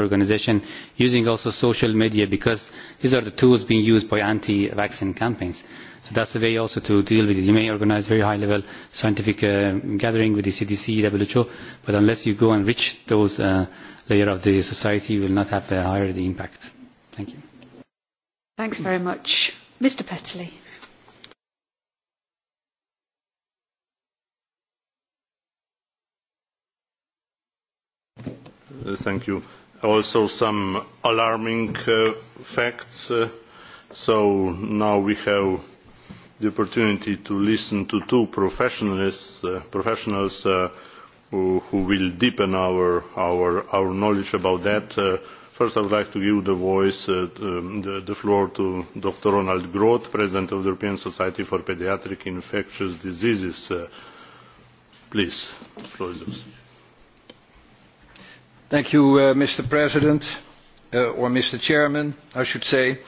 organization using also social media because these are the tools being used by anti-vaccine campaigns. So that's a way also to deal with it. You may organize very high level scientific uh, gathering with the CDC, WHO, but unless you go and reach those uh, layer of the society, you will not have a uh, higher the impact. Thank you. Thanks very much. Mr. Petley. Uh, thank you also some alarming uh, facts. Uh, so now we have the opportunity to listen to two professionals, uh, professionals uh, who, who will deepen our, our, our knowledge about that. Uh, first, I would like to give the voice, uh, um, the, the floor to Dr. Ronald Groth, President of the European Society for Pediatric Infectious Diseases. Uh, please, the floor is yours. You, uh, mr president uh, or Mr. Chairman, I should say.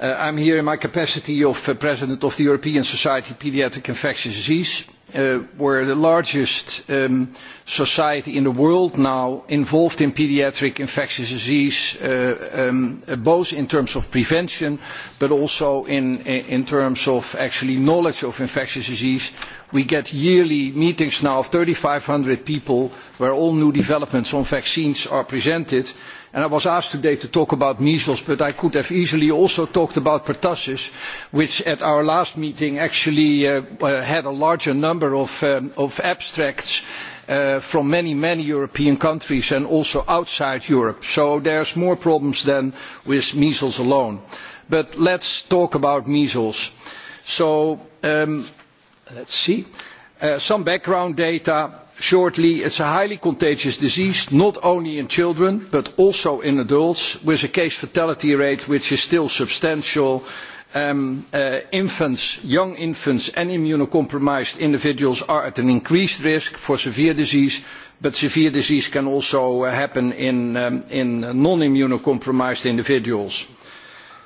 Uh, I'm here in my capacity of uh, President of the European Society of Pediatric Infectious Disease. Uh, we're the largest um, society in the world now involved in pediatric infectious disease, uh, um, uh, both in terms of prevention, but also in, in terms of actually knowledge of infectious disease. We get yearly meetings now of 3,500 people where all new developments on vaccines are presented And I was asked today to talk about measles, but I could have easily also talked about pertussis, which at our last meeting actually uh, uh, had a larger number of, um, of abstracts uh, from many, many European countries and also outside Europe. So there's more problems than with measles alone. But let's talk about measles. So um, let's see. Uh, some background data shortly, it's a highly contagious disease, not only in children, but also in adults, with a case fatality rate which is still substantial. Um, uh, infants, young infants and immunocompromised individuals are at an increased risk for severe disease, but severe disease can also uh, happen in, um, in non-immunocompromised individuals.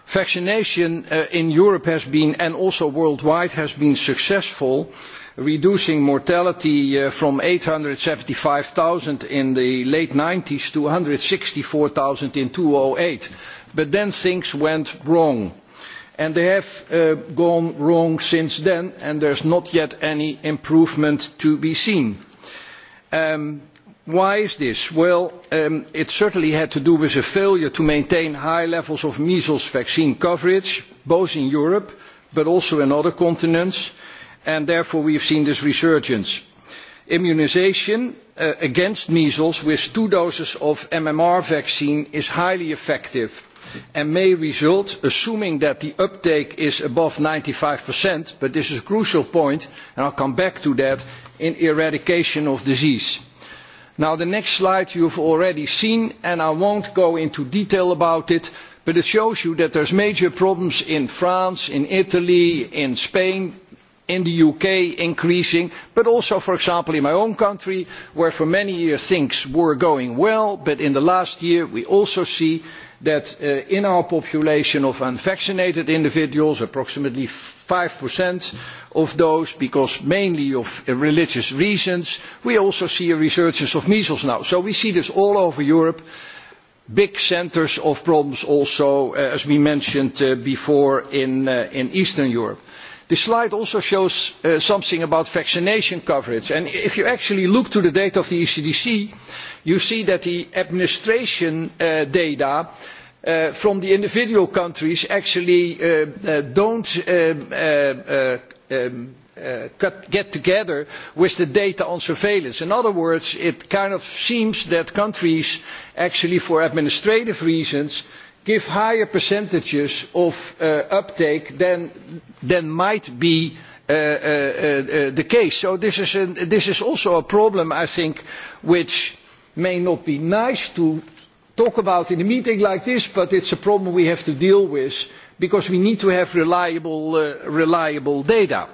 Vaccination uh, in Europe has been, and also worldwide, has been successful uh, reducing mortality uh, from 875,000 in the late 90s to 164,000 in 2008. But then things went wrong. And they have uh, gone wrong since then, and there's not yet any improvement to be seen. Um, why is this? well um, it certainly had to do with a failure to maintain high levels of measles vaccine coverage both in europe but also in other continents and and therefore we have seen this resurgence. immunisation uh, against measles with two doses of mmr vaccine is highly effective and may result assuming that the uptake is above ninety five but this is a crucial point and i will come back to that in eradication of disease. Now, the next slide you have already seen and i will not go into detail about it but it shows you that there are major problems in france in italy in spain in the uk increasing but also for example in my own country where for many years things were going well but in the last year we also see that uh, in our population of unvaccinated individuals approximately five of those because mainly of religious reasons we also see a resurgence of measles now. so we see this all over europe big centres of problems also uh, as we mentioned uh, before in, uh, in eastern europe the slide also shows uh, something about vaccination coverage and if you actually look to the data of the ecdc you see that the administration uh, data uh, from the individual countries actually uh, uh, don't um, uh, uh, um, uh, get together with the data on surveillance. In other words, it kind of seems that countries actually for administrative reasons uh, give higher percentages of uh, uptake than, than might be uh, uh, uh, the case. So this is, an, this is also a problem, I think, which may not be nice to talk about in a meeting like this, but it's a problem we have to deal with because we need to have reliable, uh, reliable data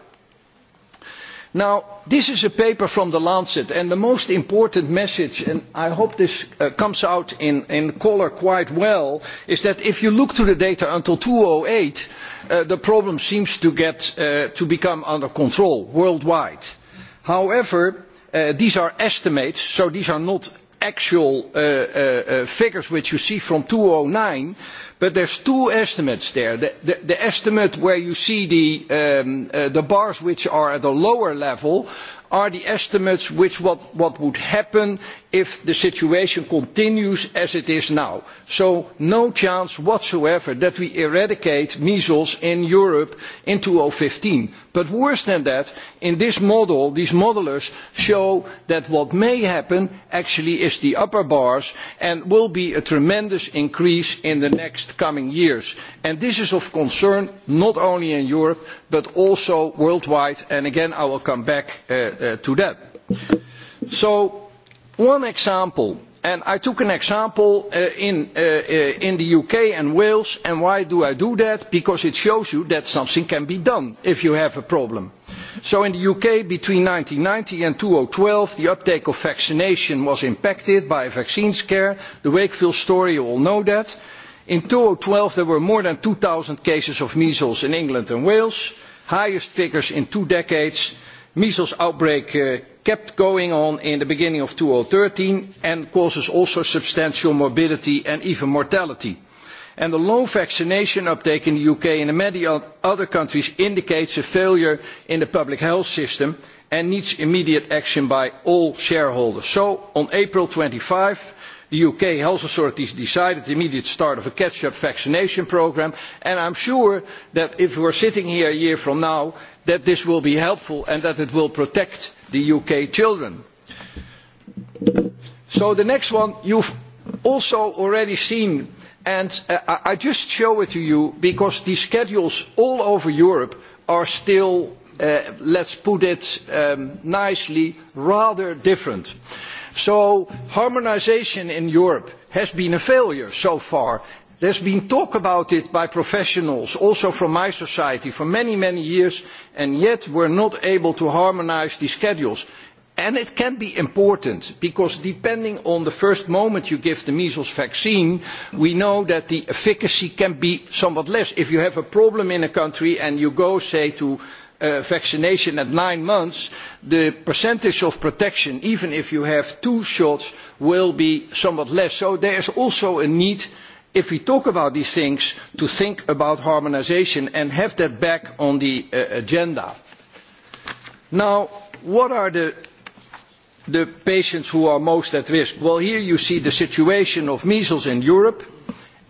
Now, this is a paper from The Lancet, and the most important message, and I hope this uh, comes out in, in color quite well, is that if you look to the data until 2008, uh, the problem seems to, get, uh, to become under control worldwide. However, uh, these are estimates, so these are not actual uh, uh, uh figures which you see from 2009, But there's two estimates there. The, the, the estimate where you see the, um, uh, the bars which are at a lower level are the estimates which what, what would happen if the situation continues as it is now. So no chance whatsoever that we eradicate measles in Europe in 2015. But worse than that, in this model, these modelers show that what may happen actually is the upper bars and will be a tremendous increase in the next next coming years. And this is of concern not only in Europe but also worldwide and again I will come back uh, uh, to that. So one example and I took an example uh, in, uh, uh, in the UK and Wales and why do I do that? Because it shows you that something can be done if you have a problem. So in the UK between 1990 and 2012 the uptake of vaccination was impacted by a vaccine scare. The Wakefield story, you all know that in two thousand and twelve there were more than two zero cases of measles in england and wales the highest figures in two decades. the measles outbreak uh, kept going on in the beginning of two thousand and thirteen and causes also substantial morbidity and even mortality. And the low vaccination uptake in the uk and in many other countries indicates a failure in the public health system and needs immediate action by all shareholders. so on twenty five april the uk health authorities decided the immediate start of a catch up vaccination programme and i am sure that if we are sitting here a year from now this will be helpful and that it will protect uk children. so the next one you have also already seen and uh, i just show it to you because the schedules all over europe are still uh, let us put it um, nicely rather different. So harmonization in Europe has been a failure so far. There's been talk about it by professionals, also from my society, for many, many years, and yet we're not able to harmonize the schedules. And it can be important because depending on the first moment you give the measles vaccine, we know that the efficacy can be somewhat less. If you have a problem in a country and you go, say, to uh, vaccination at nine months, the percentage of protection, even if you have two shots, will be somewhat less. So there is also a need if we talk about these things to think about harmonisation and have that back on the uh, agenda. Now, what are the, the patients who are most at risk? Well, here you see the situation of measles in Europe.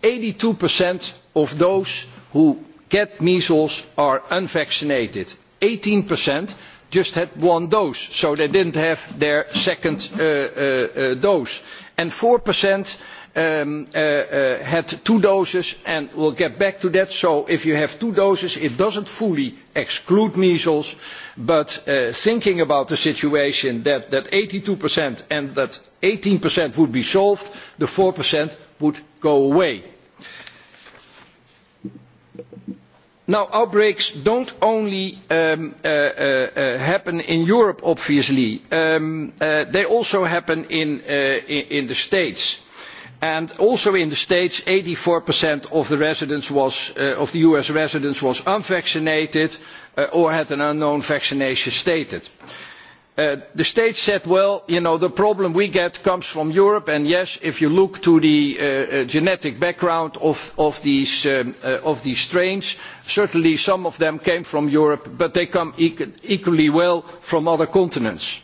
82% of those who get measles are unvaccinated. 18% just had one dose, so they didn't have their second uh, uh, uh dose. And 4% um, uh, uh, had two doses, and we'll get back to that. So if you have two doses, it doesn't fully exclude measles, but uh, thinking about the situation that, that 82% and that 18% would be solved, the 4% would go away. Thank you now outbreaks do not only um, uh, uh, uh, happen in europe obviously um, uh, they also happen in, uh, in the states and also in the states eighty four of the, uh, of the us residents was unvaccinated or had an unknown vaccination status. Uh, the states said well you know the problem we get comes from europe and yes if you look to the uh, uh, genetic background of, of, these, um, uh, of these strains certainly some of them came from europe but they come e equally well from other continents.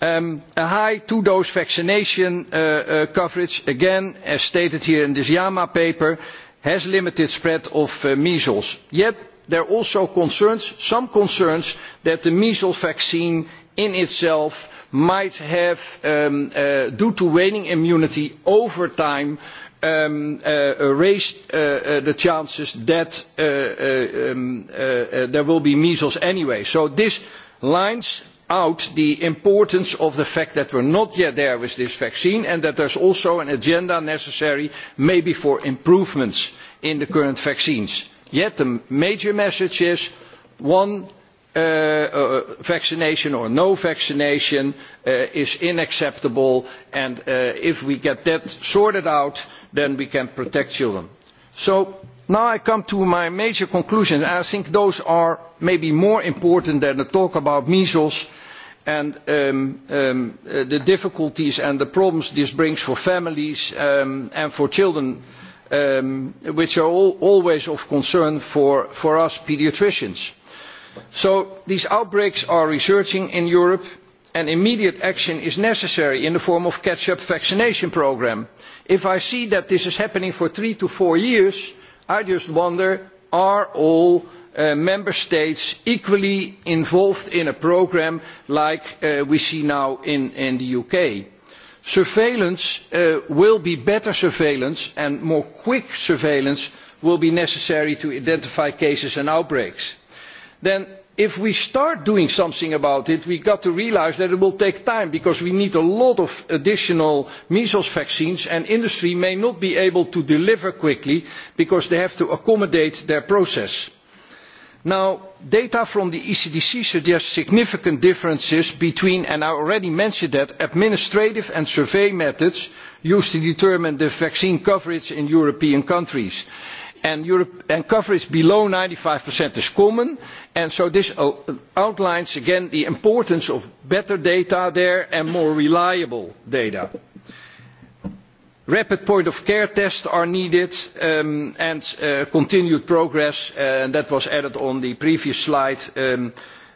Um, a high two dose vaccination uh, uh, coverage again as stated here in this jama paper has limited spread of measles yet there are also concerns some concerns that the measles vaccine in itself might have um, uh, due to waning immunity over time um, uh, raise uh, uh, the chances that uh, uh, um, uh, uh, there will be measles anyway. So this lines out the importance of the fact that we're not yet there with this vaccine and that there's also an agenda necessary maybe for improvements in the current vaccines. Yet the major message is one uh, uh, vaccination or no vaccination uh, is unacceptable and uh, if we get that sorted out then we can protect children. So now I come to my major conclusion and I think those are maybe more important than the talk about measles and um, um, uh, the difficulties and the problems this brings for families um, and for children um, which are all, always of concern for, for us pediatricians. Uh, so these outbreaks are resurging in europe and immediate action is necessary in the form of a catch up vaccination programme. if i see that this is happening for three to four years i just wonder are all uh, member states equally involved in a programme like uh, we see now in, in the uk? surveillance uh, will be better surveillance and more quick surveillance will be necessary to identify cases and outbreaks then if we start doing something about it we have to realise that it will take time because we need a lot of additional measles vaccines and industry may not be able to deliver quickly because they have to accommodate their process. Now, data from the ecdc suggests significant differences between and i already mentioned that administrative and survey methods used to determine the vaccine coverage in european countries and, Europe, and coverage below 95% is common. And so this uh, outlines again the importance of better data there and more reliable data. Rapid point of care tests are needed um, and uh, continued progress, uh, and that was added on the previous slide, um,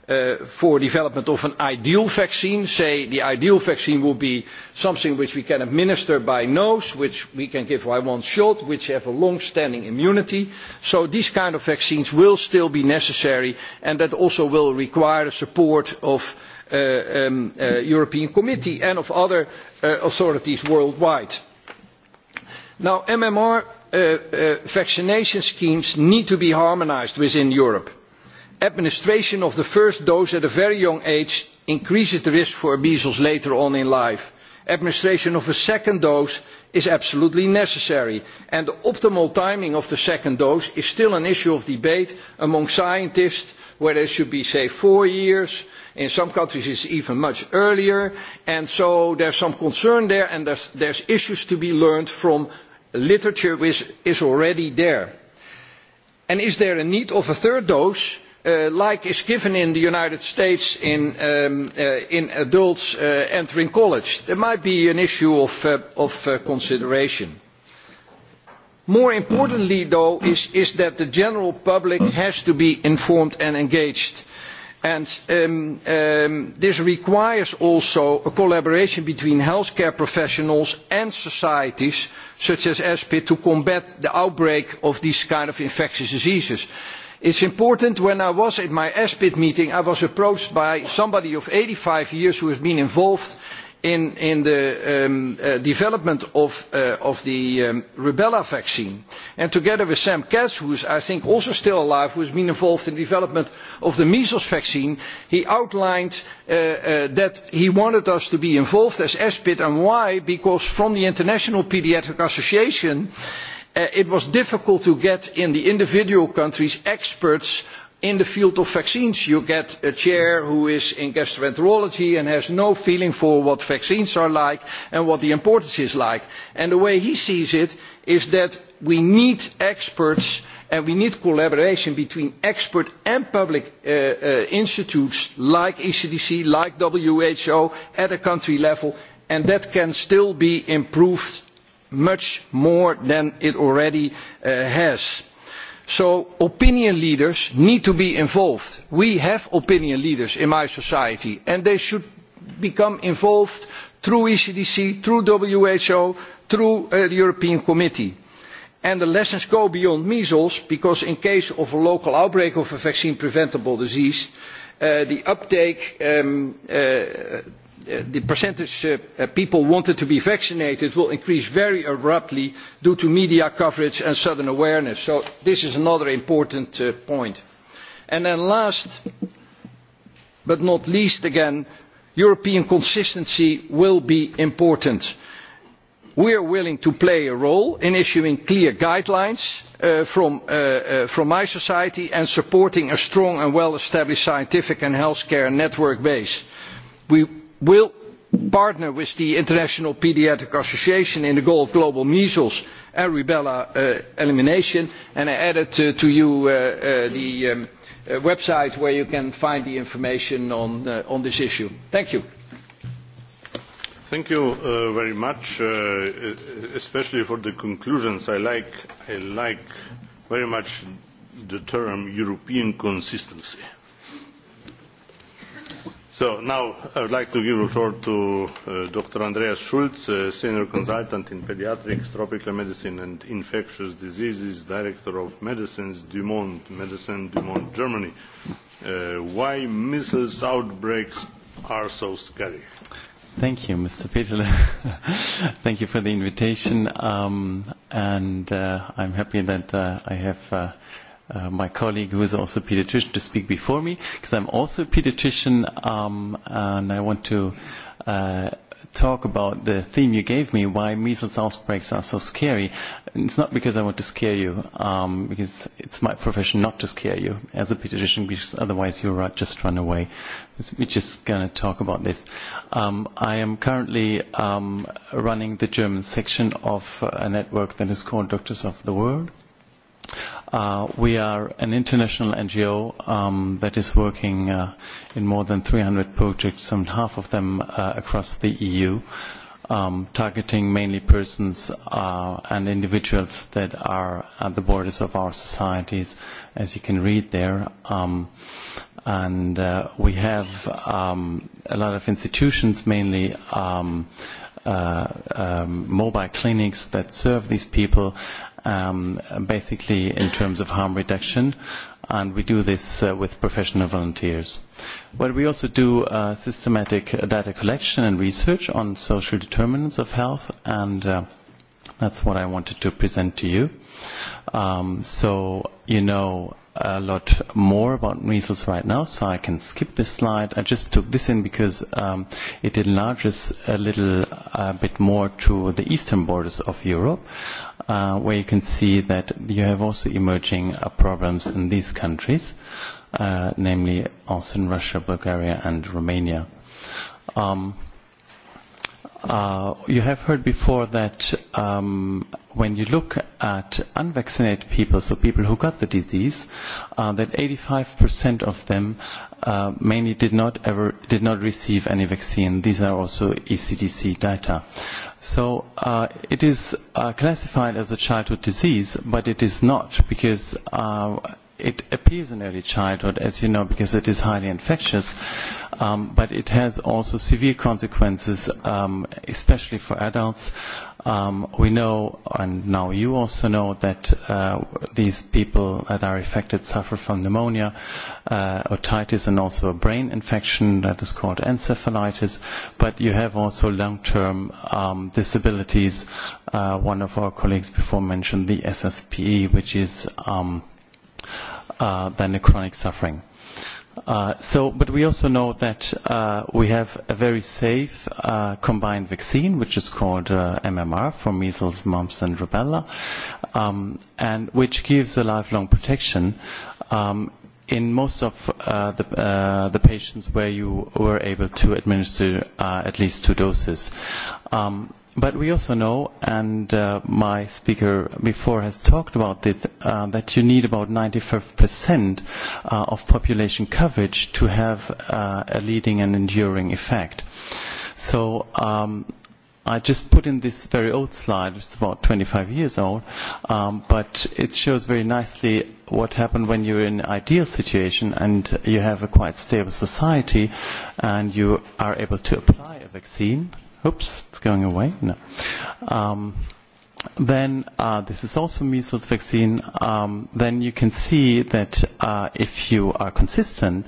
uh, for development of an ideal vaccine. Say the ideal vaccine will be something which we can administer by nose, which we can give by one shot, which have a long-standing immunity. So these kind of vaccines will still be necessary and that also will require the support of uh, um, uh, European Committee and of other uh, authorities worldwide. Now, MMR uh, uh, vaccination schemes need to be harmonized within Europe administration of the first dose at a very young age increases the risk for measles later on in life. administration of a second dose is absolutely necessary and the optimal timing of the second dose is still an issue of debate among scientists whether it should be say four years in some countries it is even much earlier and so there is some concern there and there are issues to be learned from literature which is already there. And is there a need for a third dose? uh, like is given in the United States in, um, uh, in adults uh, entering college. There might be an issue of, uh, of uh, consideration. More importantly, though, is, is that the general public has to be informed and engaged. And um, um, this requires also a collaboration between healthcare professionals and societies, such as ESPID, to combat the outbreak of these kind of infectious diseases. Uh, it is important when i was at my aspid meeting i was approached by somebody of eighty five years who has been involved in, in the um, uh, development of, uh, of the um, rubella vaccine and together with sam katz who is i think also still alive who has been involved in the development of the measles vaccine he outlined uh, uh, that he wanted us to be involved as aspid and why because from the international paediatric association uh, Uh, it was difficult to get in the individual countries experts in the field of vaccines. You get a chair who is in gastroenterology and has no feeling for what vaccines are like and what the importance is like. And the way he sees it is that we need experts and we need collaboration between expert and public uh, uh, institutes like ECDC, like WHO at a country level and that can still be improved much more than it already uh, has. So opinion leaders need to be involved. We have opinion leaders in my society and they should become involved through ECDC, through WHO, through uh, the European Committee. And the lessons go beyond measles because in case of a local outbreak of a vaccine preventable disease, uh, the uptake um, uh, Uh, the percentage of uh, uh, people wanting to be vaccinated will increase very abruptly due to media coverage and sudden awareness. so this is another important uh, point. and then last but not least again european consistency will be important. we are willing to play a role in issuing clear guidelines uh, from, uh, from my society and supporting a strong and well established scientific and healthcare network base. We will partner with the international paediatric association in the goal of global measles and rubella uh, elimination and i added uh, to you uh, uh the um, uh, website where you can find the information on, uh, on this issue. thank you. thank you very much e-, especially for the conclusions. i like, I like very much the term european consistency' So now I would like to give the floor to uh, Dr. Andreas Schulz, uh, Senior Consultant in Pediatrics, Tropical Medicine and Infectious Diseases, Director of Medicines Dumont, Medicine Dumont, Germany. Uh, why measles outbreaks are so scary? Thank you, Mr. Peterle. Thank you for the invitation. Um, and uh, I'm happy that uh, I have uh, uh, my colleague who is also a pediatrician to speak before me because I'm also a pediatrician um, and I want to uh, talk about the theme you gave me, why measles outbreaks are so scary. It's not because I want to scare you, um, because it's my profession not to scare you as a pediatrician, because otherwise you'll just run away. We're just going to talk about this. Um, I am currently um, running the German section of a network that is called Doctors of the World Uh, we are an international NGO um, that is working uh, in more than 300 projects, and half of them uh, across the EU, um, targeting mainly persons uh, and individuals that are at the borders of our societies, as you can read there. Um, and uh, we have um, a lot of institutions, mainly. Um, uh, um, mobile clinics that serve these people um, basically in terms of harm reduction and we do this uh, with professional volunteers. But we also do uh, systematic data collection and research on social determinants of health and uh, that's what I wanted to present to you. Um, so you know a lot more about measles right now, so I can skip this slide. I just took this in because um, it enlarges a little uh, bit more to the eastern borders of Europe uh, where you can see that you have also emerging uh, problems in these countries, uh, namely also in Russia, Bulgaria, and Romania. Um, Uh, you have heard before that um, when you look at unvaccinated people, so people who got the disease, uh, that 85% of them uh, mainly did not ever did not receive any vaccine. These are also ECDC data. So uh, it is uh, classified as a childhood disease, but it is not because. Uh, it appears in early childhood, as you know, because it is highly infectious um, but it has also severe consequences, um, especially for adults. Um, we know, and now you also know, that uh, these people that are affected suffer from pneumonia, uh, otitis, and also a brain infection that is called encephalitis. But you have also long-term um, disabilities. Uh, one of our colleagues before mentioned the SSPE, which is um, uh, then a chronic suffering. Uh, Uh, so, but we also know that uh, we have a very safe uh, combined vaccine, which is called uh, MMR for measles, mumps, and rubella, um, and which gives a lifelong protection um, in most of uh, the, uh, the patients where you were able to administer uh, at least two doses. Um, But we also know, and uh, my speaker before has talked about this, uh, that you need about 95% uh, of population coverage to have uh, a leading and enduring effect. So um, I just put in this very old slide, it's about 25 years old, um, but it shows very nicely what happened when you're in an ideal situation and you have a quite stable society and you are able to apply a vaccine Oops, it's going away. No. Um, then uh, this is also measles vaccine. Um, then you can see that uh, if you are consistent,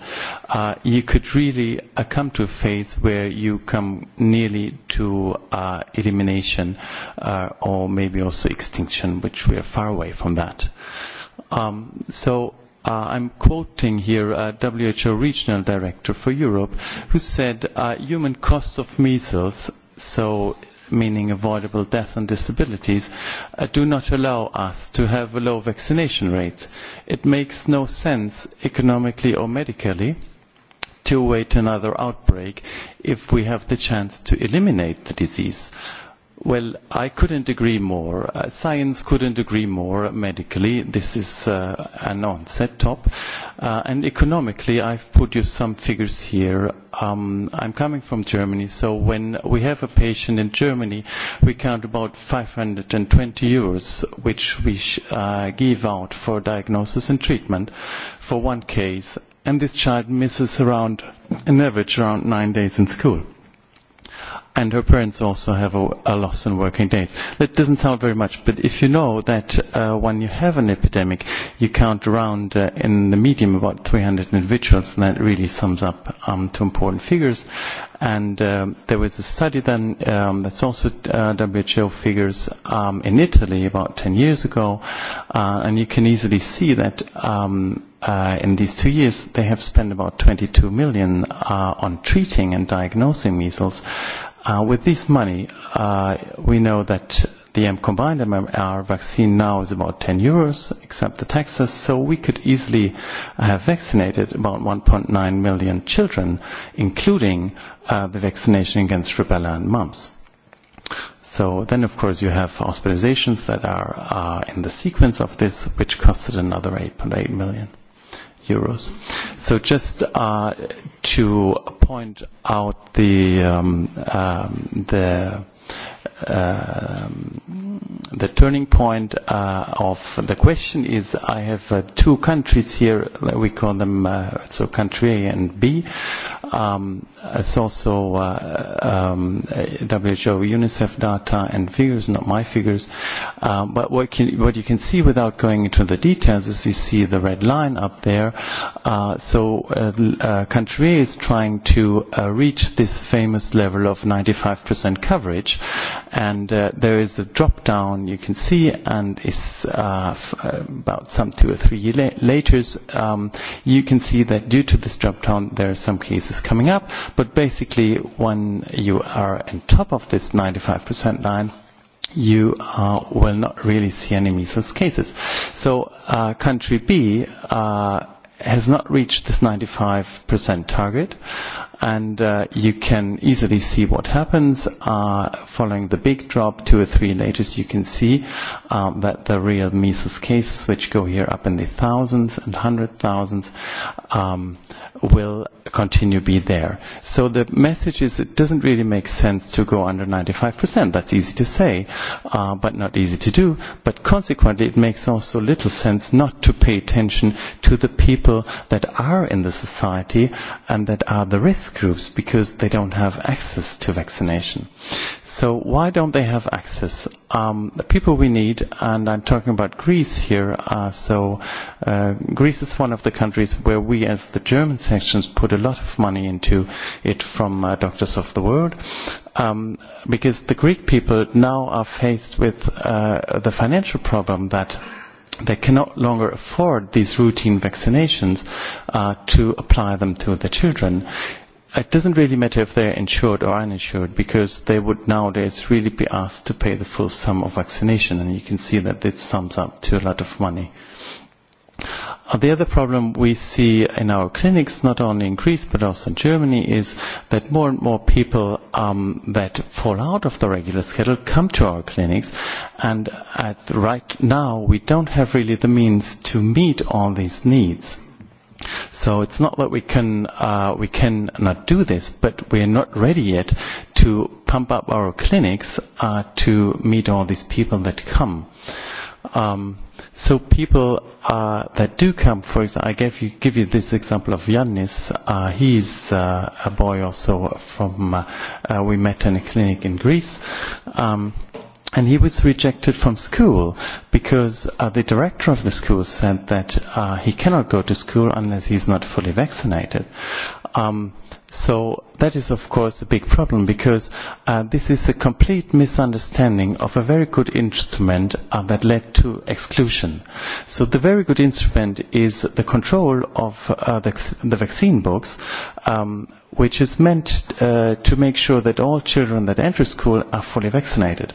uh, you could really uh, come to a phase where you come nearly to uh, elimination uh, or maybe also extinction, which we are far away from that. Um, so uh, I'm quoting here a uh, WHO regional director for Europe who said uh, human costs of measles so meaning avoidable death and disabilities, uh, do not allow us to have a low vaccination rate. It makes no sense economically or medically to wait another outbreak if we have the chance to eliminate the disease. Uh, Well, I couldn't agree more. Uh, science couldn't agree more medically. This is uh, an onset top. Uh, and economically, I've put you some figures here. Um, I'm coming from Germany, so when we have a patient in Germany, we count about 520 euros, which we sh- uh, give out for diagnosis and treatment for one case. And this child misses around, an average, around nine days in school and her parents also have a, a loss in working days. That doesn't sound very much, but if you know that uh, when you have an epidemic, you count around uh, in the medium about 300 individuals, and that really sums up um, to important figures. And um, there was a study then um, that's also uh, WHO figures um, in Italy about 10 years ago, uh, and you can easily see that um, uh, in these two years they have spent about 22 million uh, on treating and diagnosing measles Uh, with this money, uh, we know that the M combined MMR vaccine now is about 10 euros, except the taxes, so we could easily have vaccinated about 1.9 million children, including uh, the vaccination against rubella and mumps. So then, of course, you have hospitalizations that are uh, in the sequence of this, which costed another 8.8 million euros. So just uh, to point out the um, um, the Uh, the turning point uh, of the question is I have uh, two countries here, we call them uh, so country A and B. Um, it's also uh, um, WHO UNICEF data and figures, not my figures. Um, but what, can, what you can see without going into the details is you see the red line up there. Uh, so uh, uh, country A is trying to uh, reach this famous level of 95% coverage. Uh, and uh, there is a drop down you can see and it's uh, f uh, about some two or three years la later um, you can see that due to this drop down there are some cases coming up but basically when you are on top of this 95% line you uh, will not really see any measles cases. So uh, country B uh, has not reached this 95% target and uh, you can easily see what happens uh, following the big drop two or three latest you can see um, that the real measles cases which go here up in the thousands and hundred thousands um, will continue be there so the message is it doesn't really make sense to go under 95% that's easy to say uh, but not easy to do but consequently it makes also little sense not to pay attention to the people that are in the society and that are the risk risk groups because they don't have access to vaccination. So why don't they have access? Um, the people we need, and I'm talking about Greece here, uh, so uh, Greece is one of the countries where we as the German sections put a lot of money into it from uh, Doctors of the World, um, because the Greek people now are faced with uh, the financial problem that they can no longer afford these routine vaccinations uh, to apply them to the children it doesn't really matter if they're insured or uninsured because they would nowadays really be asked to pay the full sum of vaccination and you can see that it sums up to a lot of money. Uh, the other problem we see in our clinics, not only in Greece but also in Germany, is that more and more people um, that fall out of the regular schedule come to our clinics, and at right now we don't have really the means to meet all these needs. So it's not that we can uh, we can not do this, but we are not ready yet to pump up our clinics uh, to meet all these people that come. Um, so people uh, that do come, for example, I gave you, give you this example of Yannis. Uh, he's uh, a boy also from uh, uh, we met in a clinic in Greece. Um, and he was rejected from school because uh, the director of the school said that uh, he cannot go to school unless he's not fully vaccinated. Um, so that is of course a big problem because uh, this is a complete misunderstanding of a very good instrument uh, that led to exclusion. So the very good instrument is the control of uh, the, the vaccine books um, which is meant uh, to make sure that all children that enter school are fully vaccinated.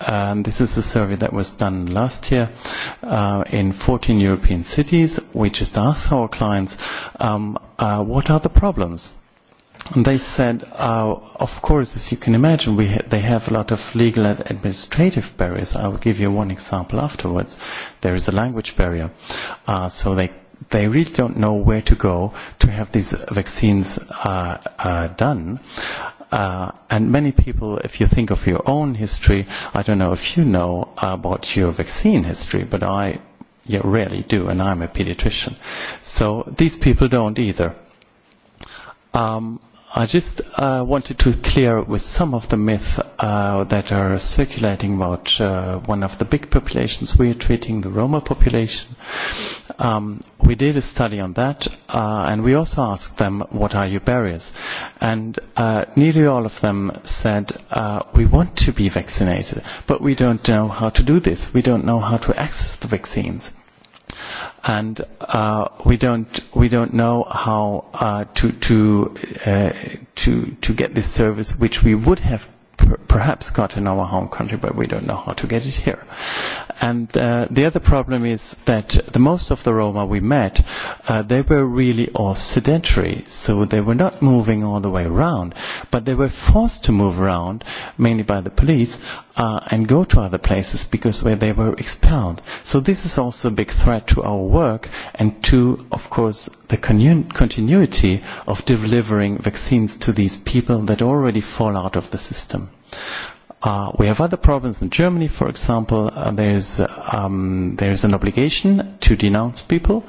Um, this is a survey that was done last year uh, in 14 European cities. We just asked our clients, um, uh, what are the problems? And they said, uh, of course, as you can imagine, we ha- they have a lot of legal and administrative barriers. I will give you one example afterwards. There is a language barrier. Uh, so they they really don't know where to go to have these vaccines uh, uh, done. Uh, and many people, if you think of your own history, I don't know if you know about your vaccine history, but I yeah, rarely do, and I'm a pediatrician. So these people don't either. Um, I just uh, wanted to clear with some of the myths uh, that are circulating about uh, one of the big populations we are treating, the Roma population. Um, we did a study on that, uh, and we also asked them, what are your barriers? And uh, nearly all of them said, uh, we want to be vaccinated, but we don't know how to do this. We don't know how to access the vaccines and uh, we don't we don't know how uh, to to uh, to to get this service, which we would have per perhaps got in our home country, but we don't know how to get it here. And uh, the other problem is that the most of the Roma we met, uh, they were really all sedentary, so they were not moving all the way around, but they were forced to move around, mainly by the police, uh, and go to other places because where they were expelled. So this is also a big threat to our work and to, of course, the continu- continuity of delivering vaccines to these people that already fall out of the system. Uh, we have other problems in Germany, for example. Uh, there's um, there's an obligation to denounce people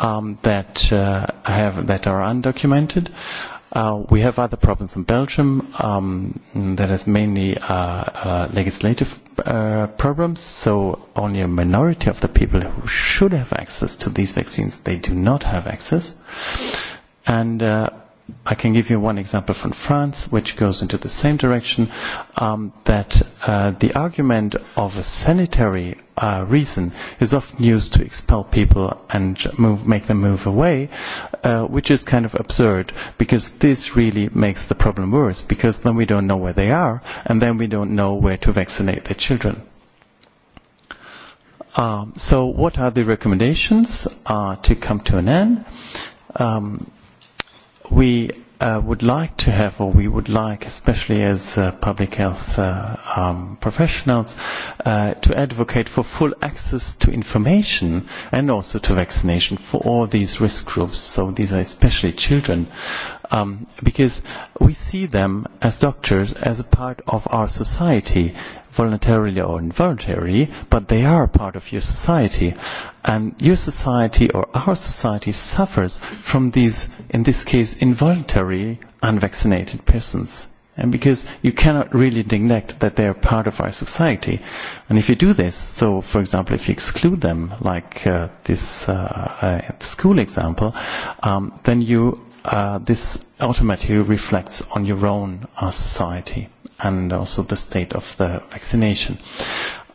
um, that uh, have that are undocumented. Uh, Uh, we have other problems in Belgium um, that is mainly uh, uh, legislative uh, problems. So only a minority of the people who should have access to these vaccines, they do not have access. And uh, I can give you one example from France, which goes into the same direction, um, that uh, the argument of a sanitary uh, reason is often used to expel people and move, make them move away, uh, which is kind of absurd because this really makes the problem worse because then we don't know where they are and then we don't know where to vaccinate their children. Um, so what are the recommendations uh, to come to an end? Um, we uh, would like to have, or we would like, especially as uh, public health uh, um, professionals, uh, to advocate for full access to information and also to vaccination for all these risk groups. So these are especially children, um, because we see them as doctors as a part of our society voluntarily or involuntarily, but they are part of your society um, your society or our society suffers from these, in this case, involuntary unvaccinated persons. And because you cannot really neglect that they are part of our society. And if you do this, so for example, if you exclude them, like uh, this uh, uh, school example, um, then you, uh, this automatically reflects on your own uh, society and also the state of the vaccination.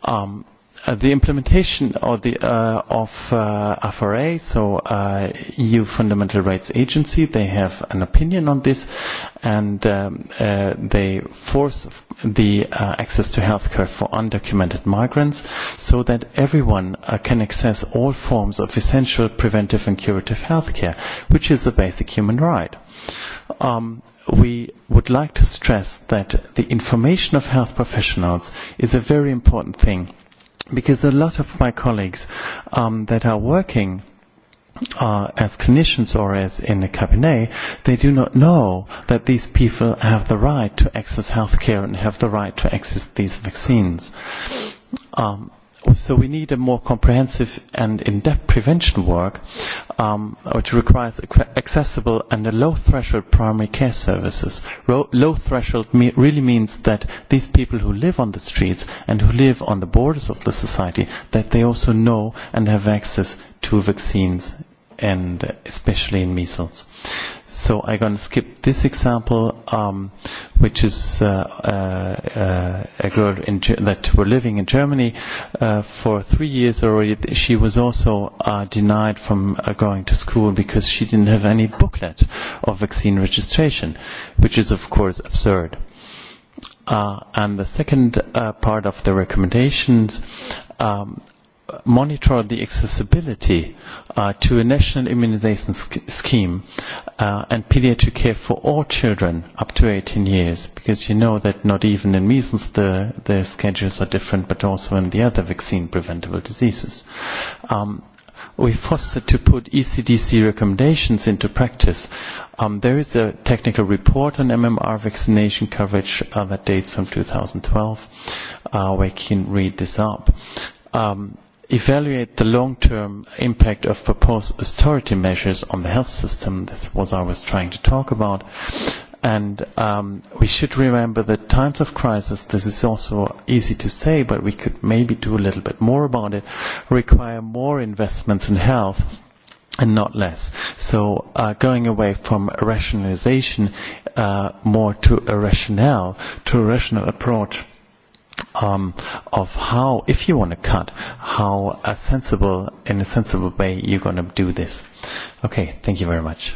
Um, Uh, the implementation of the uh, of uh, FRA, so uh, EU Fundamental Rights Agency, they have an opinion on this, and um, uh, they force the uh, access to healthcare for undocumented migrants, so that everyone uh, can access all forms of essential preventive and curative healthcare, which is a basic human right. Um, we would like to stress that the information of health professionals is a very important thing because a lot of my colleagues um, that are working uh, as clinicians or as in the cabinet, they do not know that these people have the right to access healthcare and have the right to access these vaccines. Um, So we need a more comprehensive and in-depth prevention work, um, which requires accessible and a low-threshold primary care services. Ro low-threshold me really means that these people who live on the streets and who live on the borders of the society, that they also know and have access to vaccines and especially in measles. So I'm going to skip this example, um, which is uh, uh, a girl in Ge- that were living in Germany uh, for three years already. She was also uh, denied from uh, going to school because she didn't have any booklet of vaccine registration, which is of course absurd. Uh, and the second uh, part of the recommendations um, monitor the accessibility uh, to a national immunization sc- scheme uh, and pediatric care for all children up to 18 years, because you know that not even in measles the, the schedules are different, but also in the other vaccine preventable diseases. Um, we fostered to put ECDC recommendations into practice. Um, there is a technical report on MMR vaccination coverage uh, that dates from 2012, uh, where you can read this up. Um, evaluate the long-term impact of proposed austerity measures on the health system. This was what I was trying to talk about. And um, we should remember that times of crisis, this is also easy to say, but we could maybe do a little bit more about it, require more investments in health and not less. So uh, going away from rationalization uh, more to a rationale, to a rational approach um, of how, if you want to cut, how a sensible, in a sensible way you're going to do this. Okay, thank you very much.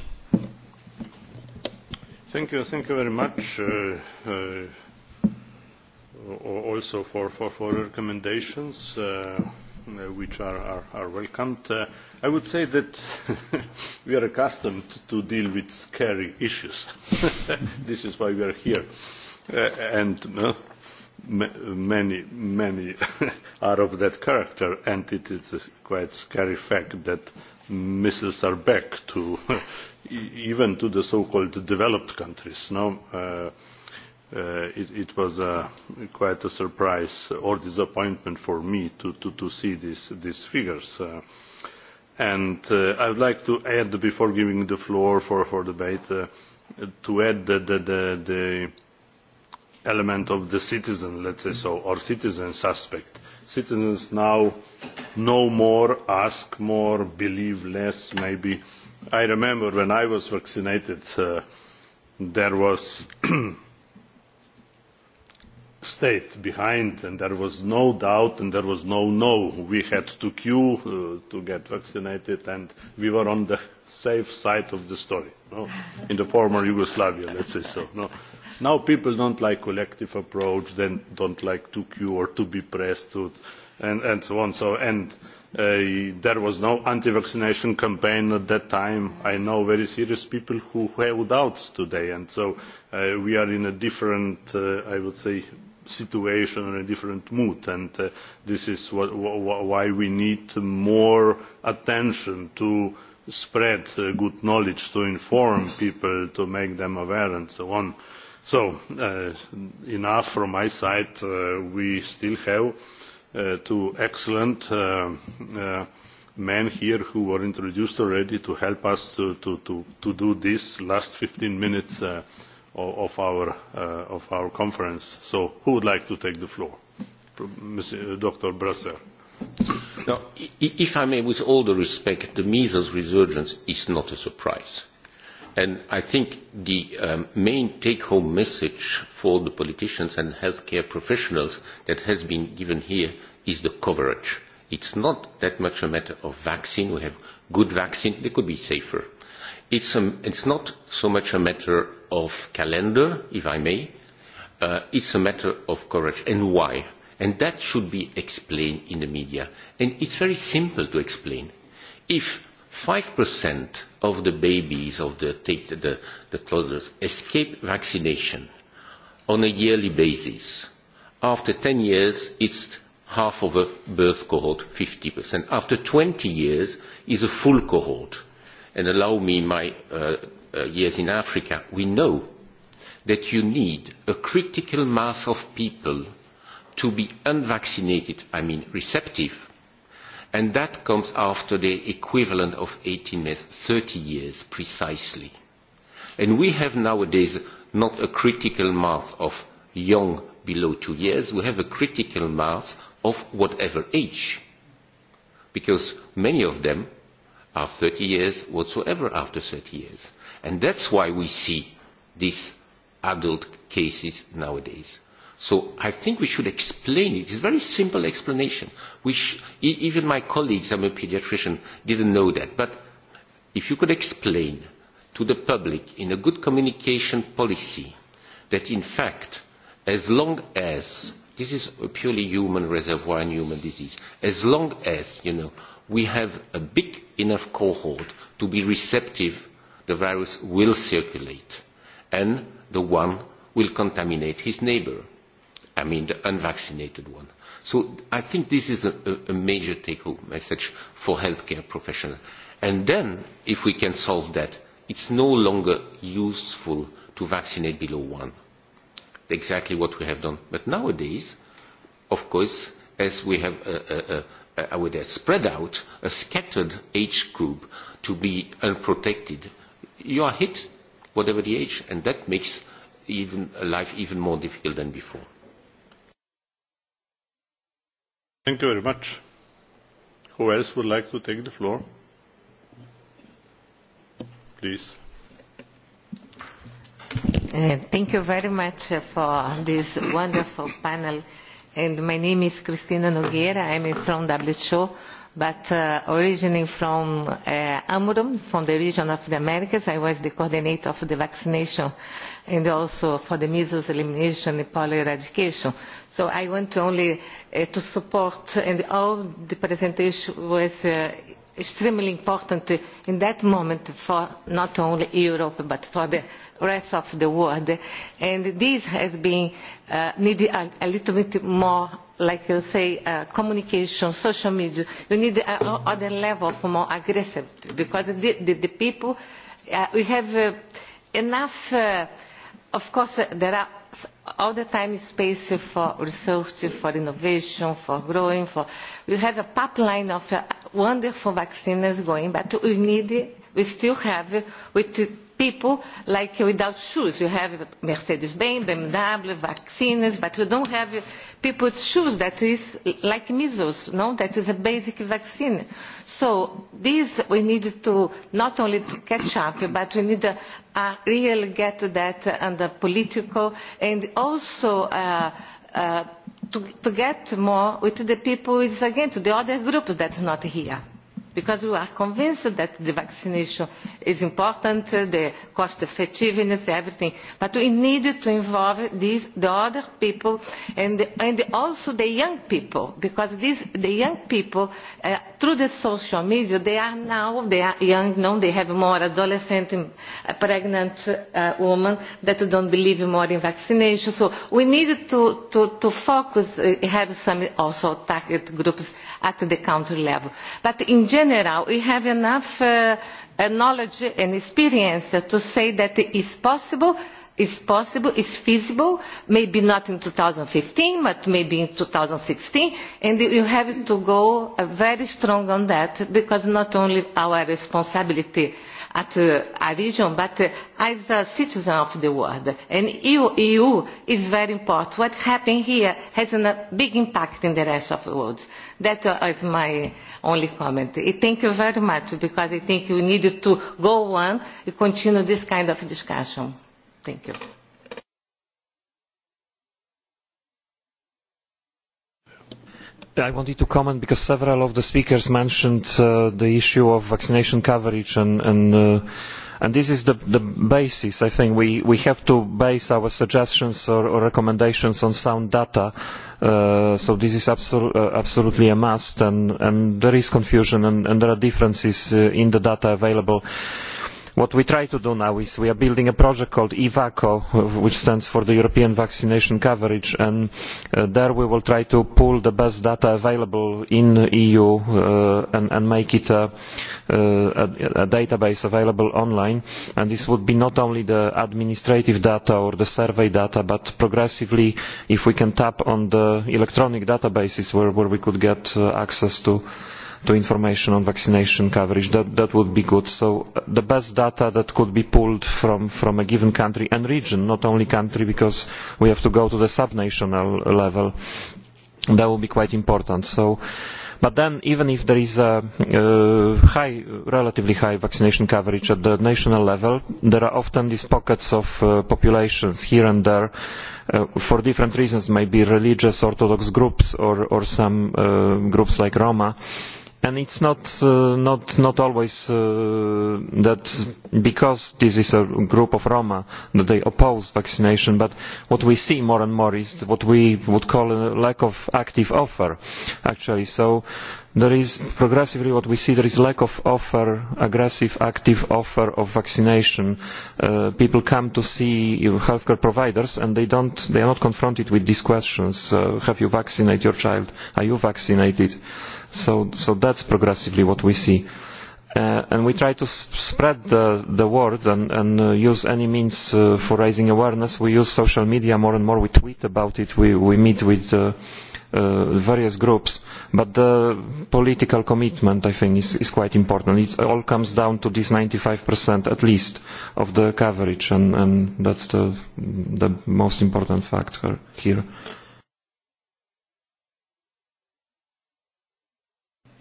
Thank you, thank you very much. Uh, uh, also for, for, for recommendations uh, which are, are, are welcomed. Uh, I would say that we are accustomed to deal with scary issues. this is why we are here. Uh, and uh, many, many are of that character, and it is a quite scary fact that missiles are back to e, even to the so-called developed countries. No? Uh, uh, it, it was uh, quite a surprise or disappointment for me to, to, to see these, these figures. Uh, and uh, I would like to add, before giving the floor for, for debate, uh, to add that the, the, the, the element of the citizen let us say so or citizen suspect. citizens now know more ask more believe less maybe. i remember when i was vaccinated uh, there was state behind and there was no doubt and there was no no. we had to queue uh, to get vaccinated and we were on the safe side of the story no? in the former yugoslavia let us say so. No? now people don't like collective approach they don't like to queue or to be pressed to, and, and so on so and uh, there was no anti vaccination campaign at that time i know very serious people who have doubts today and so uh, we are in a different uh, i would say situation or a different mood and uh, this is what, wh why we need more attention to spread uh, good knowledge to inform people to make them aware and so on so uh, enough from my side uh, we still have uh, two excellent uh, uh, men here who were introduced already to help us to, to, to, to do this last 15 minutes uh, of, our, uh, of our conference. So who would like to take the floor? Mr. Uh, Dr. Brasser. Now, if I may, with all the respect, the measles resurgence is not a surprise And I think the um, main take-home message for the politicians and healthcare professionals that has been given here is the coverage. It's not that much a matter of vaccine. We have good vaccine. They could be safer. It's, um, it's not so much a matter of calendar, if I may. Uh, it's a matter of courage. And why? And that should be explained in the media. And it's very simple to explain. If 5% of the babies, of the, take the, the toddlers, escape vaccination on a yearly basis. After 10 years, it's half of a birth cohort, 50%. After 20 years is a full cohort. And allow me my uh, uh, years in Africa, we know that you need a critical mass of people to be unvaccinated, I mean receptive, and that comes after the equivalent of 18 years, 30 years precisely. And we have nowadays not a critical mass of young below two years, we have a critical mass of whatever age. Because many of them are 30 years whatsoever after 30 years. And that's why we see these adult cases nowadays. So I think we should explain it. It's a very simple explanation. We sh- even my colleagues, I'm a pediatrician, didn't know that. But if you could explain to the public in a good communication policy that in fact, as long as this is a purely human reservoir and human disease, as long as, you know, we have a big enough cohort to be receptive, the virus will circulate and the one will contaminate his neighbor I mean the unvaccinated one. So I think this is a, a major take-home message for healthcare professionals. And then, if we can solve that, it's no longer useful to vaccinate below one. Exactly what we have done. But nowadays, of course, as we have a, a, a, I would have spread out a scattered age group to be unprotected, you are hit, whatever the age, and that makes even life even more difficult than before. Thank you very much. Who else would like to take the floor? Please. Uh, thank you very much for this wonderful panel and my name is Cristina Nogueira. I'm from WHO, but uh, origining from uh, Amurum, from the region of the Americas. I was the coordinator of the vaccination and also for the measles elimination and polio eradication. So I want only uh, to support, and all the presentation was uh, extremely important at that moment for not only europe but for the rest of the world and this has been uh, needed a, a little bit more like you say uh, communication social media you need another level of more aggressive because the, the, the people uh, we have uh, enough uh, of course there are all the time is space for research, for innovation, for growing. For we have a pipeline of uh, wonderful vaccines going, but we need, we still have with people like without shoes. You have Mercedes-Benz, BMW, vaccines, but you don't have people with shoes that is like measles, no? That is a basic vaccine. So this we need to not only to catch up, but we need to uh, really get that under political and also uh, uh, to, to get more with the people is again to the other groups that's not here because we are convinced that the vaccination is important, uh, the cost effectiveness, everything. But we need to involve these, the other people and, and also the young people, because these, the young people, uh, through the social media, they are now, they are young now, they have more adolescent, uh, pregnant uh, women that don't believe more in vaccination. So we need to, to, to focus, uh, have some also target groups at the country level. But in general, general we have enough uh, uh, knowledge and experience to say that it is possible is possible is feasible maybe not in two thousand and fifteen but maybe in two thousand and sixteen and you have to go very strong on that because not only our responsibility uh, at uh, a region but uh, as a citizen of the world and EU, EU is very important. What happened here has a big impact in the rest of the world. That uh, is my only comment. I thank you very much because I think you need to go on and continue this kind of discussion. Thank you. I wanted to comment because several of the speakers mentioned uh, the issue of vaccination coverage and, and uh, and this is the, the basis i think we, we have to base our suggestions or, or recommendations on sound data uh, so this is absol uh, absolutely a must and, and there is confusion and, and there are differences uh, in the data available uh, what we try to do now is we are building a project called evaco which stands for the european vaccination coverage and uh, there we will try to pull the best data available in the eu uh, and, and make it a, uh, a, a database available online and this would be not only the administrative data or the survey data but progressively if we can tap on the electronic databases where, where we could get uh, access to uh, to information on vaccination coverage. That, that would be good. So uh, the best data that could be pulled from, from a given country and region, not only country, because we have to go to the subnational level. That will be quite important. So, but then even if there is a uh, high, relatively high vaccination coverage at the national level, there are often these pockets of uh, populations here and there uh, for different reasons, maybe religious orthodox groups or, or some uh, groups like Roma, uh, and it's not uh, not not always uh, that because this is a group of Roma that they oppose vaccination. But what we see more and more is what we would call a lack of active offer, actually. So there is progressively what we see there is lack of offer, aggressive, active offer of vaccination. Uh, people come to see healthcare providers and they don't they are not confronted with these questions. Uh, have you vaccinated your child? Are you vaccinated? Uh, So, so that's progressively what we see. Uh, and we try to sp spread the, the word and, and uh, use any means uh, for raising awareness. We use social media more and more. We tweet about it. We, we meet with uh, uh, various groups. But the political commitment, I think, is, is quite important. It's, it all comes down to this 95% at least of the coverage, and, and that's the, the most important fact here.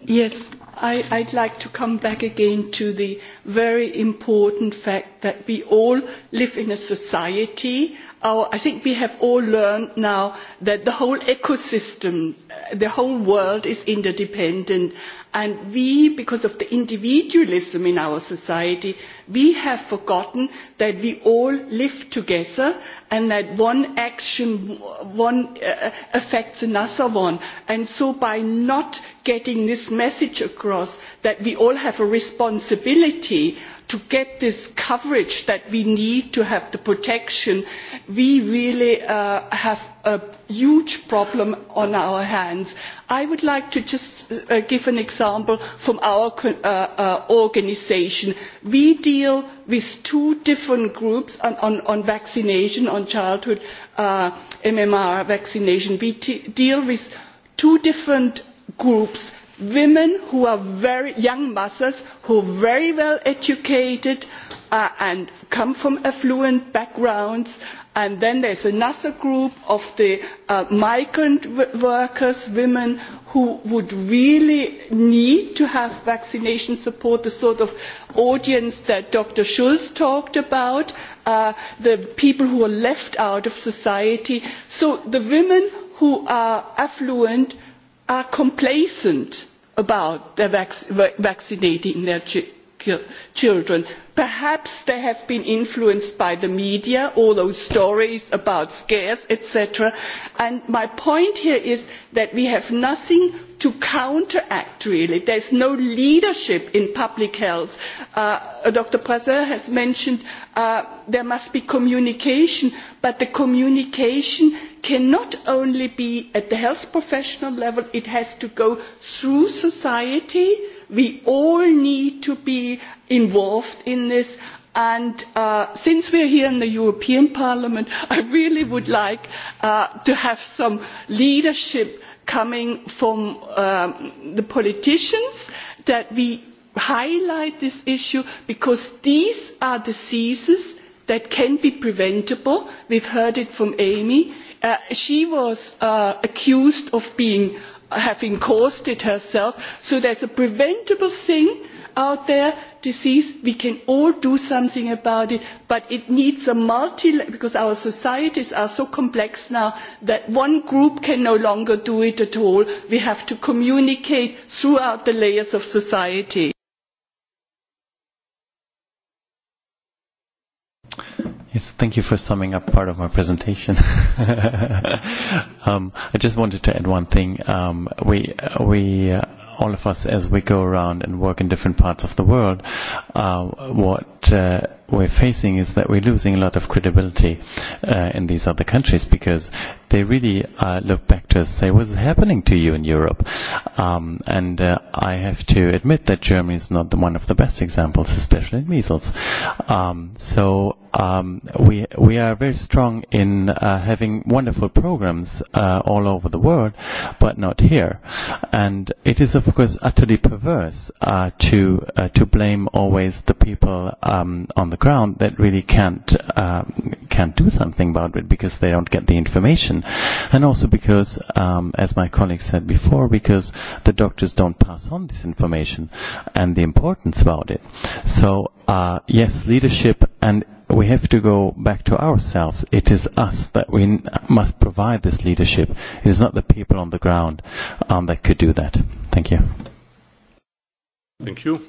Yes, I, I'd like to come back again to the very important fact that we all live in a society. Our, I think we have all learned now that the whole ecosystem, uh, the whole world is interdependent. And we, because of the individualism in our society, we have forgotten that we all live together and that one action one, uh, affects another one. And so by not getting this message across that we all have a responsibility to get this coverage that we need to have the protection, we really uh, have a huge problem on our hands. I would like to just uh, give an example from our uh, uh, organization. We deal with two different groups on, on, on vaccination, on childhood uh, MMR vaccination. We t- deal with two different groups women who are very young mothers who are very well educated uh, and come from affluent backgrounds and then there is another group of the uh, migrant workers women who would really need to have vaccination support the sort of audience that dr schulz talked about uh, the people who are left out of society so the women who are affluent are complacent about their vac vaccinating their ch children. perhaps they have been influenced by the media all those stories about scares etc. my point here is that we have nothing to counteract really. there is no leadership in public health. Uh, dr brazil has mentioned uh, there must be communication but the communication cannot only be at the health professional level, it has to go through society. We all need to be involved in this. And uh, since we are here in the European Parliament, I really would like uh, to have some leadership coming from um, the politicians that we highlight this issue because these are diseases that can be preventable. We've heard it from Amy Uh, she was uh, accused of being, uh, having caused it herself so there is a preventable thing out there disease we can all do something about it but it needs a multi because our societies are so complex now that one group can no longer do it at all we have to communicate throughout the layers of society. Yes, thank you for summing up part of my presentation. um, I just wanted to add one thing. Um, we we uh, all of us, as we go around and work in different parts of the world, uh, what uh, we're facing is that we're losing a lot of credibility uh, in these other countries because they really uh, look back to say what's happening to you in Europe. Um, and uh, I have to admit that Germany is not the, one of the best examples, especially in measles. Um, so um, we we are very strong in uh, having wonderful programs uh, all over the world, but not here. And it is of course utterly perverse uh, to uh, to blame always the people um, on the ground that really can't uh, can't do something about it because they don't get the information medicine. And also because, um, as my colleague said before, because the doctors don't pass on this information and the importance about it. So, uh, yes, leadership and we have to go back to ourselves. It is us that we must provide this leadership. It is not the people on the ground um, that could do that. Thank you. Thank you.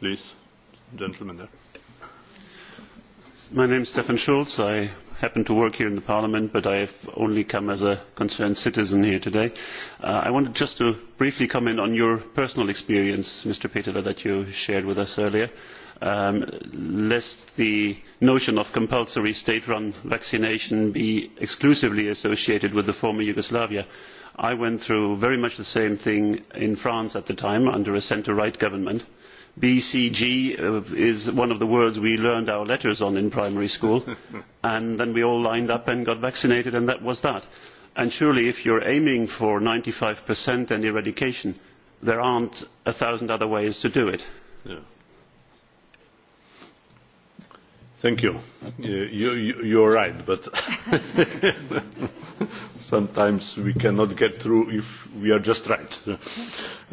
Please, gentleman there. My name is Stefan Schulz. I happen to work here in the Parliament, but I have only come as a concerned citizen here today. Uh, I wanted just to briefly comment on your personal experience, Mr. Peterle, that you shared with us earlier. Um, lest the notion of compulsory state run vaccination be exclusively associated with the former Yugoslavia, I went through very much the same thing in France at the time under a centre right government. Uh, bcg uh, is one of the words we learned our letters on in primary school and then we all lined up and got vaccinated and that was that. And surely if you are aiming for ninety five and eradication there are not a thousand other ways to do it. Yeah. Thank you. you, you you're right, but sometimes we cannot get through if we are just right.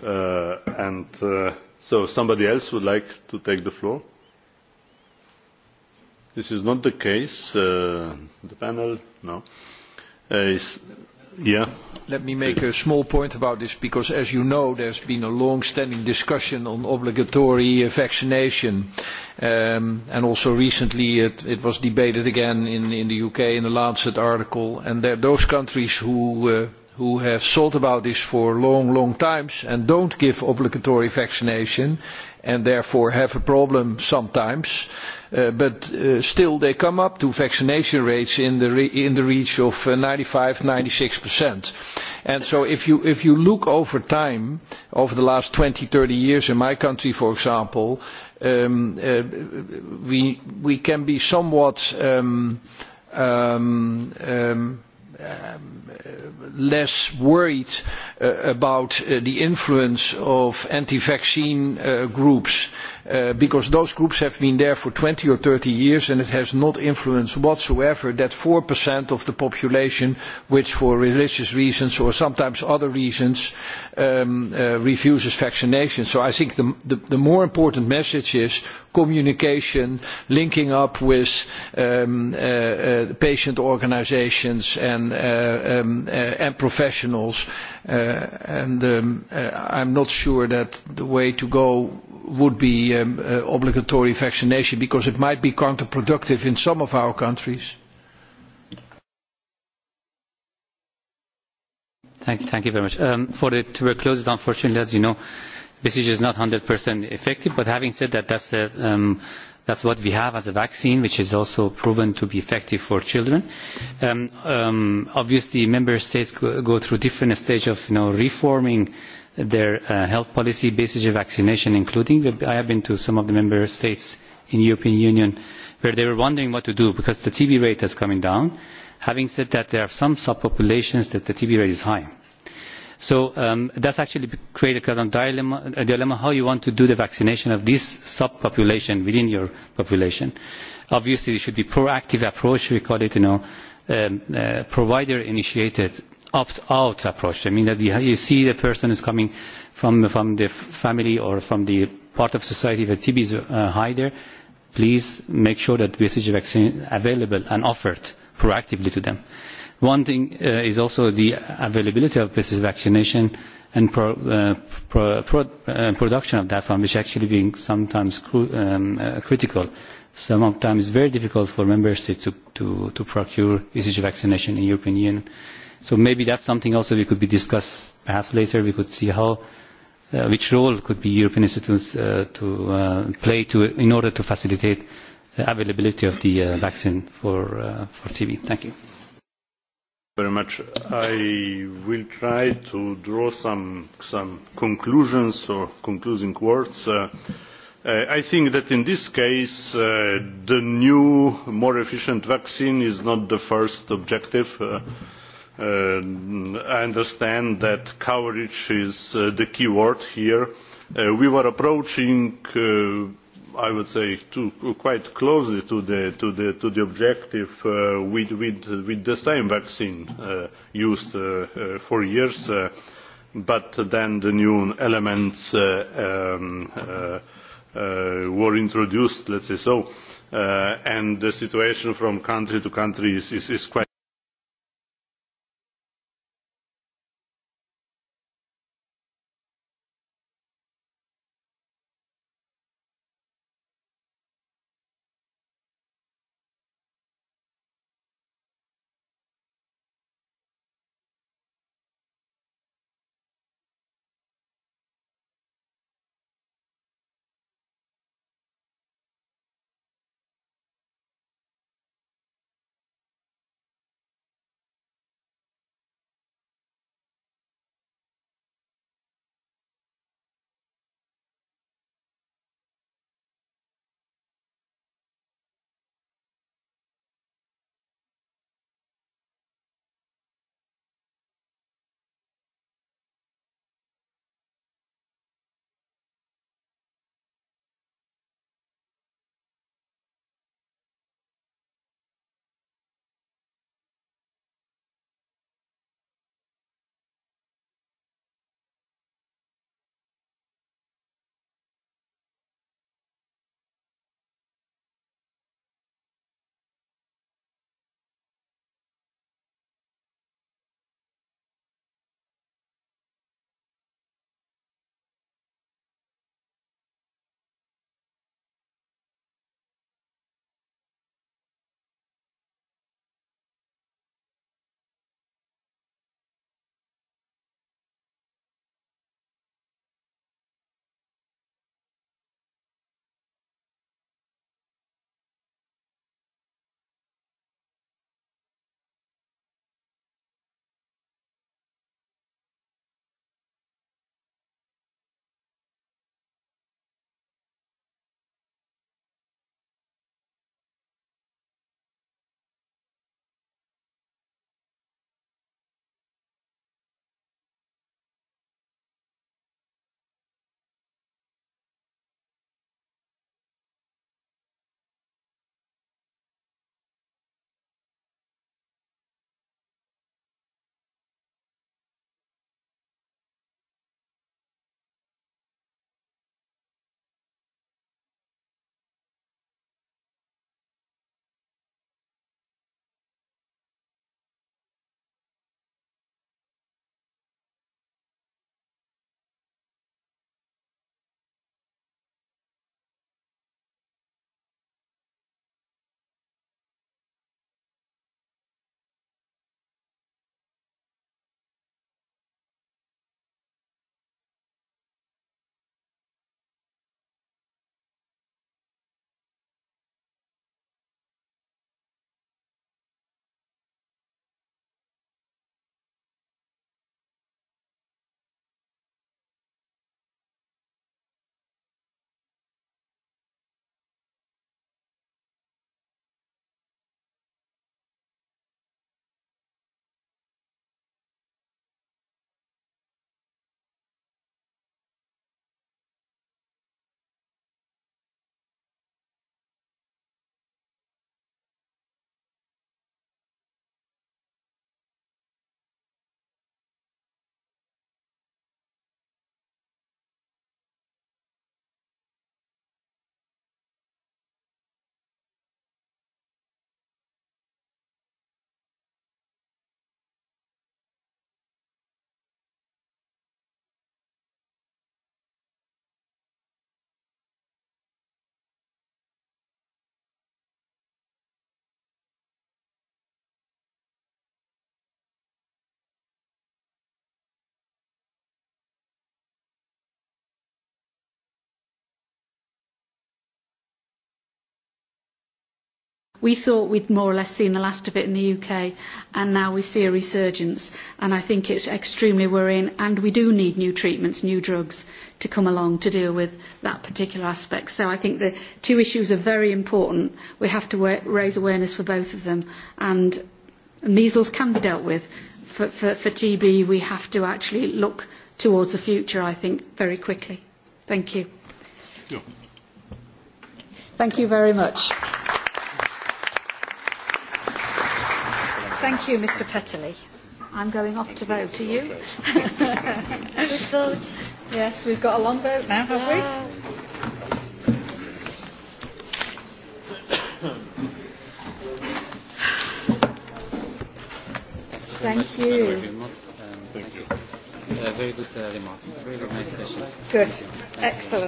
Uh, and uh, so somebody else would like to take the floor? this is not the case. Uh, the panel, no. Uh, is, yeah. Let me make a small point about this because, as you know, there's been a long-standing discussion on obligatory uh, vaccination, um, and also recently it, it was debated again in, in the UK in the Lancet article. And there, those countries who uh, who have thought about this for long, long times and don't give obligatory vaccination and therefore have a problem sometimes. Uh, but uh, still they come up to vaccination rates in the, re in the reach of uh, 95, 96%. And so if you, if you look over time, over the last 20, 30 years in my country, for example, um, uh, we, we can be somewhat um, um, um, um, uh, less worried uh, about uh, the influence of anti-vaccine uh, groups uh, because those groups have been there for 20 or 30 years and it has not influenced whatsoever that 4% of the population which for religious reasons or sometimes other reasons um, uh, refuses vaccination. So I think the, the, the more important message is communication, linking up with um, uh, uh, patient organizations and and, uh, um, uh, and professionals. Uh, and um, uh, I'm not sure that the way to go would be um, uh, obligatory vaccination because it might be counterproductive in some of our countries. Thank, thank you very much. Um, for the tuberculosis, unfortunately, as you know, BCG is not 100% effective, but having said that, that's the um, that's what we have as a vaccine, which is also proven to be effective for children. Um, um, obviously, member states go, go through different stages of you know, reforming their uh, health policy based on vaccination, including I have been to some of the member states in the European Union where they were wondering what to do because the TB rate is coming down. Having said that, there are some subpopulations that the TB rate is high so um, that has actually created a dilemma, a dilemma how you want to do the vaccination of this subpopulation within your population. obviously it should be a proactive approach we call it you know, um, uh, provider initiated opt out approach. i mean that you, you see the person is coming from, from the family or from the part of society where tb is uh, high there please make sure that BCG vaccine is available and offered proactively to them. Uh, One thing uh, is also the availability of precise vaccination and pro, uh, pro, pro, uh, production of that one, which actually being sometimes cru um, uh, critical. Sometimes it's very difficult for member states to, to, to procure ECG vaccination in European Union. So maybe that's something also we could be discuss perhaps later. We could see how, uh, which role could be European institutes uh, to uh, play to, in order to facilitate the availability of the uh, vaccine for, uh, for TB. Thank you very much. I will try to draw some, some conclusions or concluding words. Uh, uh, I think that in this case, uh, the new, more efficient vaccine is not the first objective. Uh, uh, I understand that coverage is uh, the key word here. Uh, we were approaching uh, I would say, to, quite closely to the, to the, to the objective uh, with, with, with the same vaccine uh, used uh, uh, for years, uh, but then the new elements uh, um, uh, uh, were introduced, let's say so, uh, and the situation from country to country is, is, is quite We thought we'd more or less seen the last of it in the UK, and now we see a resurgence, and I think it's extremely worrying, and we do need new treatments, new drugs to come along to deal with that particular aspect. So I think the two issues are very important. We have to wa- raise awareness for both of them, and measles can be dealt with. For, for, for TB, we have to actually look towards the future, I think, very quickly. Thank you. Yeah. Thank you very much. Thank you, Mr. Petterly. I'm going off to vote. Are you? Good vote. Yes, we've got a long vote now, have we? Thank you. Um, thank you. Uh, very good uh, remarks. Very good, nice session. Good. Excellent.